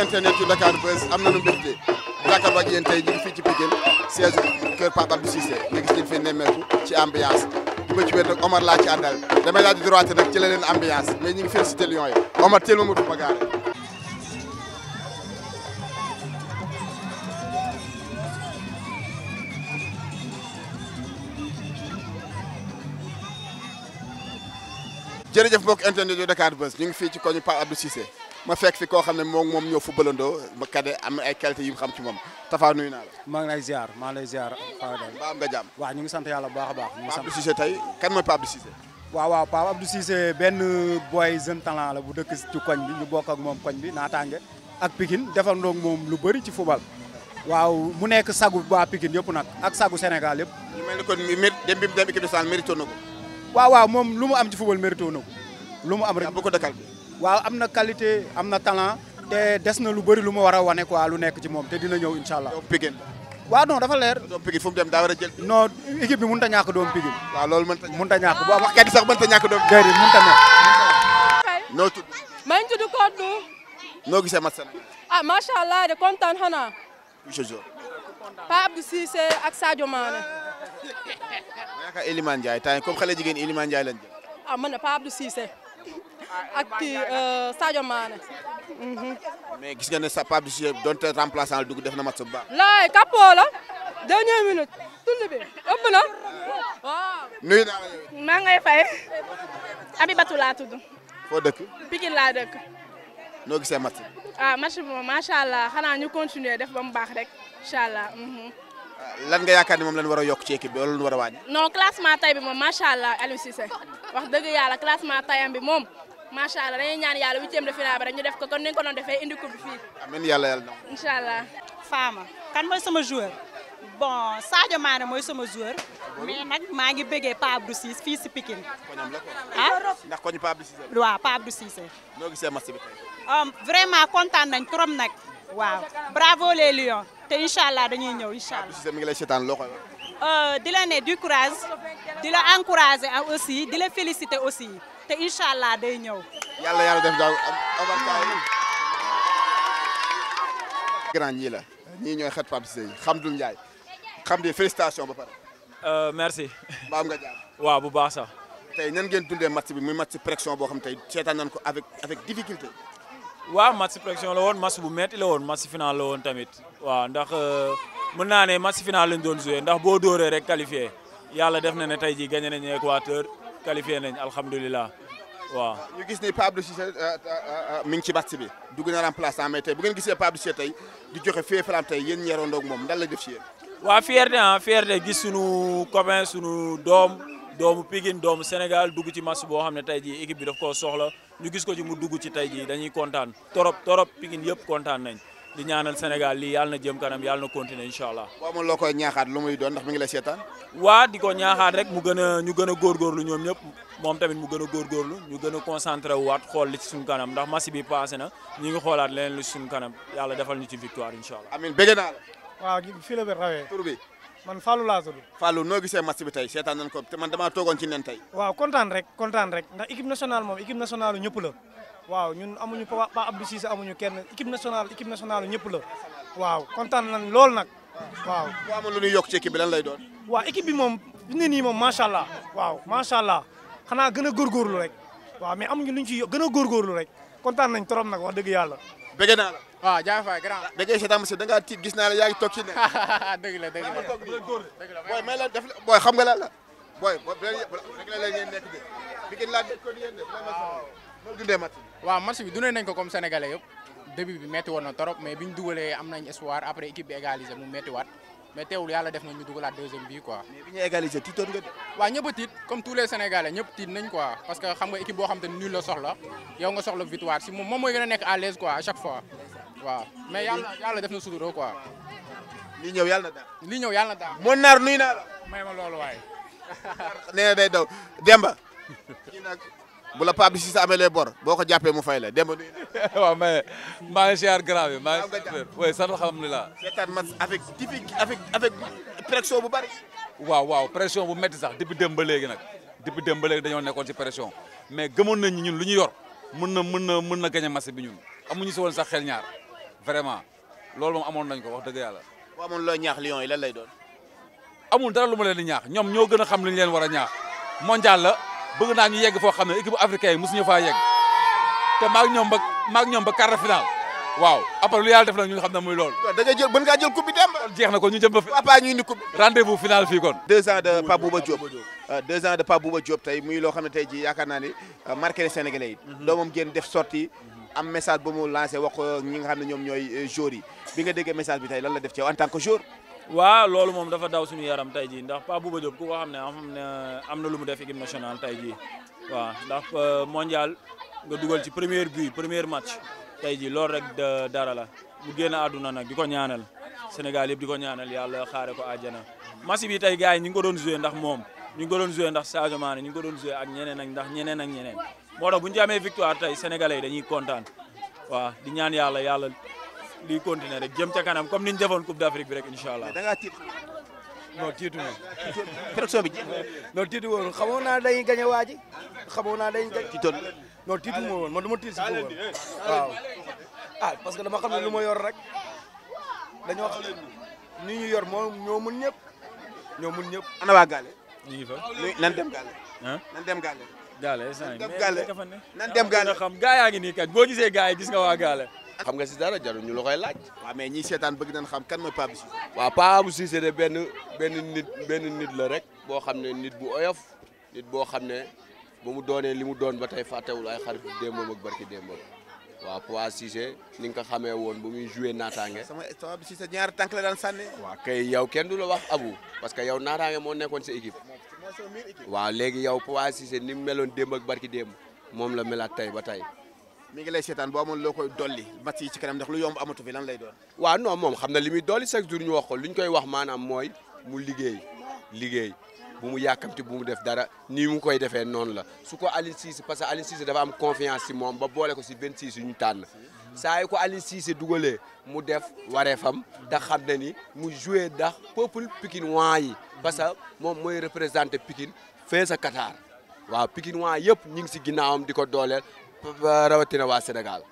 internet yu Dakar Buzz am nañu mbégte jàkkaarloo ak yéen tey ñu ngi fii ci Pikine siège kër Pape Abdou Cissé nga gis leen nemmeeku ci ambiance di ma ci wér nag Omar laa ci àndal damay laaj droite nag ci la leen ambiance mais ñu ngi félicité teel ma motu ma jërëjëf mbokk internet yu Dakar Buzz ñu ngi ci koñu Pape Abdou Cissé ma fekk fi koo xam ne moom moom ñoo footballandoo ma kade am ay qualité yu mu xam ci moom Tafa nuyu naa la. maa ngi lay ziar maa ngi lay ziar. mbaa jàmm. waaw ñu ngi sant yàlla bu baax a baax. ñu ngi sant Pape Abdou Cissé tey kan mooy Pape Abdou Cissé. benn boy jeune talent la bu dëkk ci koñ bi ñu bokk ak moom koñ bi naataange ak Pikine defandoo moom lu bëri ci football. waaw mu nekk sagu waa Pikine yëpp nag ak sagu Sénégal yëpp. ñu mel ni kon dem bi mu dem équipe waaw waaw moom lu mu am ci football mérité na ko lu mu am rek am na qualité am na talent te des na lu bari lu mu war a wane quoi lu nekk ci moom te dina ñëw incha allah waaw non dafa leer. doom Pikine fu mu dem daa war a jël. non équipe bi mënut a ñàkk doom Pikine. waaw loolu mënut a ñàkk mënut a a ñàkk doom. déedéet mënut a nekk. noo tudd. maa ngi tudd Kodou. noo gisee match ah, de kontaan xanaa. monsieur Dior. Pape ak Sadio Mané. yaakaar Elimane Ndiaye temps comme xale jigéen Elimane Ndiaye lañ jël. ah man de ak kii euh, Sadio Mané. Mhm. mais gis nga ne sa Pape Abdou Cissé donte dugg def na match bu baax. laay capot la dernière minute tund bi ëpp dëkk. Pikine laa dëkk. noo gisee match bi. ah def ba mu baax rek lan nga yaakaar ni moom lañ war a yokk ci équipe bi wala lu war a wàññi. tay bi moom macha allah Aliou Cissé wax dëgg yàlla classement tayam bi moom macha allah dañuy ñaan yàlla huitième de finale ba rek ñu def ko kon ni ñu ko doon defee indi coupe bi fii. amiin yàlla yàlla allah. Fama kan mooy sama joueur. bon Sadio Mané mooy sama joueur. mais nag maa ngi bëggee Pape Abdou Cissé fii si Pikine. koñam la ko ah. ndax koñu Pape Abdou Cissé la. waaw Pape Abdou Cissé. noo gisee match bi um, vraiment kontaan nañ trop nag. waaw te incha allah dañuy ñëw incha allah. mi ngi lay seetaan loo euh, di la ne du courage di la encourager ah aussi di la féliciter aussi te incha allah day ñëw. yàlla yàlla def daaw grand ñii la ñii ñooy xet Pape Cissé Hamdoul Ndiaye xam di félicitation ba pare. Euh, merci. mbaam nga jàmm. waaw bu baax sax. tey nan ngeen dundee match bi muy match pression boo xam tey seetaan nañ ko avec avec difficulté. waaw match protection la woon match bu metti la woon match final la woon tamit waaw ndax euh, mën naa ne match final lañ doon ndax boo dóoree rek qualifié yàlla def na ne tey jii gagné nañu Équateur qualifié nañ alhamdulilah waaw. ñu gis ni Pape Abdou Cissé euh, euh, ngi ci match bi dugg na remplaçant mais tey bu ngeen gisee Pape Abdou tey di joxe fee faram tey yéen ñeeroon moom nan la def ci ah fierté gis sunu copain sunu doom. doomu Pikine doomu Sénégal dugg ci match boo xam ne tey jii équipe bi daf koo soxla ñu gis ko ci mu dugg ci tey jii dañuy kontaan torop torop Pikine yëpp kontaan nañ di ñaanal Sénégal lii yàlla na jëm kanam yàlla na continuer incha allah. boo ma loo koy ñaaxaat muy doon ndax mi ngi lay seetaan. waa di ko ñaaxaat rek mu gën a ñu gën a góorgóorlu ñoom ñëpp moom tamit mu gën a góorgóorlu ñu gën a concentré waat xool li ci suñu kanam ndax match bi passé na ñu ngi xoolaat leneen li ci suñu kanam yàlla defal ñu ci victoire incha allah. amiin bëgg bi rawee tur bi man Fallou laa tudd. Fallou noo gisee match bi tey seetaan nañ ko te man damaa toogoon ci nen tey. waaw kontaan rek kontaan rek ndax équipe nationale moom équipe nationale ñëpp la waaw ñun amuñu Pa Abdou Cissé amuñu kenn équipe national équipe nationale ñëpp la waaw kontaan nañ lool nag waaw. boo amoon lu ñuy yokk ci équipe bi lan lay doon. waaw équipe bi moom fi nii moom macha allah waaw macha allah xanaa gën a góorgóorlu rek waaw mais amuñu lu ñu ciy gën a góorgóorlu rek kontaan nañ trop nag wax dëgg yàlla. bëgg naa la. waaw ah, Diagne Faye da ngay seetaan monsieur da ngaa tiit gis naa la yaa ngi toog ci ne. dëgg la dëgg la dëgg la booy la def booy xam nga lan booy booy rek la ngeen nekk de bi ngeen laaj ko nañ ko comme sénégalais yëpp. début bi metti woon na trop mais bi ñu am nañ espoir après équipe bi égalisé mu metti waat mais teewul yàlla def na ñu dugalaat deuxième bi quoi. mais bi ñu égalisé a tiit comme tous les sénégalais ñëpp tiit nañ quoi parce que xam nga équipe boo xam te nul la soxla yow nga soxla victoire si moom moom mooy gën a nekk à fois waaw mais yàlla yàlla def na sutura ko lii ñëw yàlla lii ñëw yàlla na daal. naar nuy naa la. may ma loolu waaye. nee na day daw Demba. kii nag bu la Pape si sa amee bor boo ko jàppee mu fay la Demba nuy naa. waaw mais maa ngi siyaar grand bi maa ngi. waaw sant alhamdulilah. seetaan match avec typique bu bari. waaw waaw pression bu metti sax depuis démb léegi nag depuis démb léegi dañoo nekkoon ci pression mais gëmoon nañ ñun lu ñu yor mën na mën na mën na gañ a match bi ñun amuñu si woon sax xel ñaar. vraiment loolu moom amoon nañ ko wax dëgg yàlla. boo amoon looy ñaax Lions yi lan lay doon. amul dara lu ma leen di ñaax ñoom ñoo gën a xam li ñu leen war a ñaax mondial la bëgg naa ñu yegg foo xam ne équipe africaine yi mosuñu faa yegg te maag ñoom ba maag ñoom waaw après lu yàlla def nag ñu xam ne muy loolu. da ngay jël mën ngaa jël coupe bi dem. jeex na ko ñu jëm ba. papa ñu indi coupe rendez-vous final fii kon. deux ans de Pape Bouba a euh, deux ans de Pape Bouba Diop tey muy loo xam ne tey jii yaakaar naa euh, am message ba mu lancé wax ñi nga xam ne ñoom ñooy euh, joueurs yi bi nga déggee message bi tey lan la def ci yow en tant que joueur. waaw loolu moom dafa daw suñu yaram tey jii ndax Pape Bouba Diop ku ko xam ne am na lu mu def équipe nationale tey jii waaw ndax euh, mondial nga dugal ci première but première match tey jii lool rek dara la mu génn àdduna nag di ko ñaanal Sénégal yëpp di ko ñaanal yàlla xaare ko àjjana. match bi tey gars yi ñu ngi ko doon joué ndax moom ñu ngi ko doon joué ndax Sadio Mané ñu ngi ak ñeneen ak ñeneen ak ñeneen. moo tax bu ñu amee victoire tey sénégalais yi dañuy kontaan waaw di ñaan yàlla yàlla liy continuer rek jëm ca kanam comme ni ñu defoon coupe d'Afrique bi rek incha allah. da ngaa tiit non tiitu ma. pression bi non tiitu woon xamoon naa dañuy gañe waa ji xamoon naa dañuy gañ tiitoon non tiitu ma woon man du ma tiit si woon waaw ah, parce que dama xam ne lu ma yor rek dañoo xam ni ñu yor moo ñoo mun ñëpp ñoo mun ñëpp. ana waa ñu ngi dem Gale. nan dem Gale. gaale nan dem gaale nan ah, dem gaale xam gaa yaa ngi nii kat boo gisee gaa gis nga waa gaale xam nga si dara jarul ñu la koy laaj waaw mais ñi seetaan bëgg nañ xam kan mooy Pape Abou Cissé waaw Pape Abou de benn benn nit benn nit la rek boo xam ne nit bu oyof nit boo xam ne ba mu doonee li mu doon ba tey fàttewul ay xarit démbam ak barki démbam waaw Papa Cissé ni nga ko xamee woon bu muy joué naataange. sama sama Cissé ñaari tànk la daan sànni. waaw kay yow kenn du la wax abu parce que yow naataange moo nekkoon sa équipe. waaw léegi yow Papa Cissé ni mu meloon démb barki démb moom la melaat tey ba tey. mi ngi lay seetaan boo amoon loo koy dolli match yi ci kanam ndax lu yomb amatu fi lan lay doon. waaw non moom xam na li muy dolli chaque jour ñu wax ko ñu koy wax maanaam mooy mu liggéey liggéey. bu mu yàkkamti bu mu def dara nii mu koy defee noonu la su ko Aliou Cissé parce que Aliou Cissé dafa am confiance si moom ba boole ko si 26 yu ñu tànn saa yu ko Aliou Cissé dugalee mu def wareefam te xam na ni mu joué dax peuple Pikine waa yi parce que moom mooy représenté Pikine fee sa Qatar waaw Pikine waa yëpp ñu ngi si ginnaawam di ko dooleel rawatina waa Sénégal.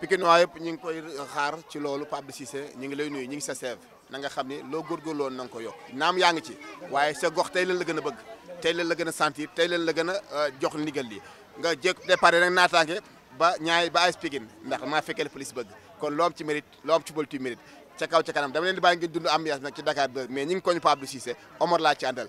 Pikine waa yëpp ñu ngi koy xaar ci loolu Pape Cissé ñu ngi lay nuyu ñu sa seef na nga xam ni loo góorgóorloon na nga ko yokk naam yaa ngi ci waaye sa gox tey leen la gën a bëgg tey leen la gën a sentir tey leen la gën a euh, jox ndigal li nga jekk départ nag naataange ba ñaay ba AS Pikine ndax maa fekkee la police bëgg kon loo am ci mérite loo am ci politique mérite ca kaw ca kanam dama leen di bàyyi ngeen dund ambiance nag ci Dakar mais ñi ngi koñ Pape Abdou Cissé Omar laa ci andal